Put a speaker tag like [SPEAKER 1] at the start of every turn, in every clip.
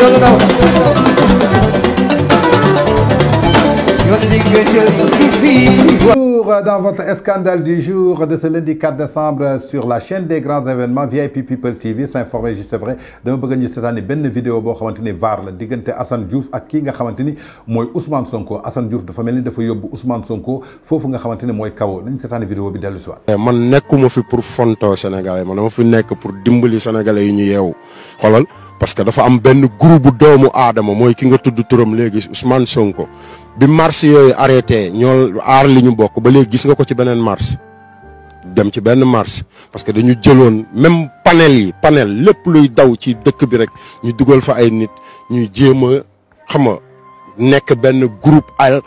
[SPEAKER 1] Euh, dans votre scandale du jour de ce lundi 4 décembre sur la chaîne des grands événements VIP People TV s'informer juste vrai me bëgg cette année ben vidéo vidéos. xamante ni vaar la diggante Assane Diouf ak kii nga xamante ni Ousmane Sonko Assane Diouf de famille, de dafa Ousmane Sonko foofu nga moi ni Cette année cette année vidéo bi le soir.
[SPEAKER 2] man nekkuma fi pour au Sénégalais man dama fi nekk pour dimbali Sénégalais yi ñu Yew. parce que dafa am benn groupe bu doomu aadama mooy ki nga tudd turam léegi Ousmane ko bi mars yooyu arrêté ñoo aar li ñu bokk ba léegi gis nga ko ci beneen mars dem ci benn mars parce que dañu jëloon même panel yi panel lépp luy daw ci dëkk bi rek ñu dugal fa ay nit ñuy jéem a xam a nekk benn groupe ay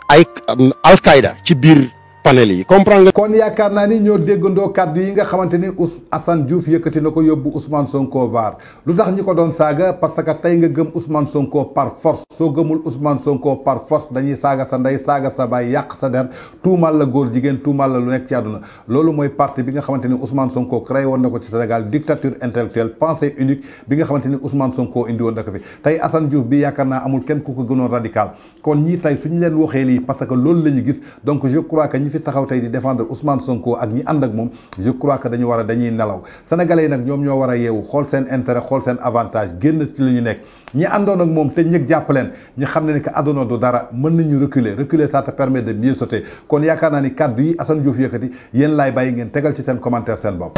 [SPEAKER 2] alqaida ci biir panel yi comprendre nga. kon yaakaar
[SPEAKER 1] naa ni ñoo déggandoo kàddu yi nga xamante ni Ous Assane Diouf yëkkati na ko yóbbu Ousmane Sonko vaar lu tax ñi ko doon saaga parce que tey nga gëm Ousmane Sonko par force soo gëmul Ousmane Sonko par force dañuy saaga sa ndey saaga sa baay yàq sa der tuumal la góor jigéen tuumal la lu nekk ci àdduna loolu mooy parti bi nga xamante ni Ousmane Sonko créé woon na ko ci Sénégal dictature intellectuelle pensée unique bi nga xamante ni Ousmane Sonko indi na ko fi tey Assane Diouf bi yaakaar naa amul kenn fi taxaw tey di défendre Ousmane Sonko ak ñi ànd ak moom je crois que dañu war a dañuy nelaw sénégalais yi nag ñoom ñoo war a yeewu xool seen intérêt xool seen avantage génn ci li ñu nekk ñi àndoon ak moom te ñëg jàpp leen ñu xam ne ni que àdduna du dara mën nañu reculer reculer ça permet de mieux sauter kon yaakaar naa ni kàddu yi Assane Diouf yëkkati yéen laay bàyyi ngeen tegal ci seen commentaire seen bopp.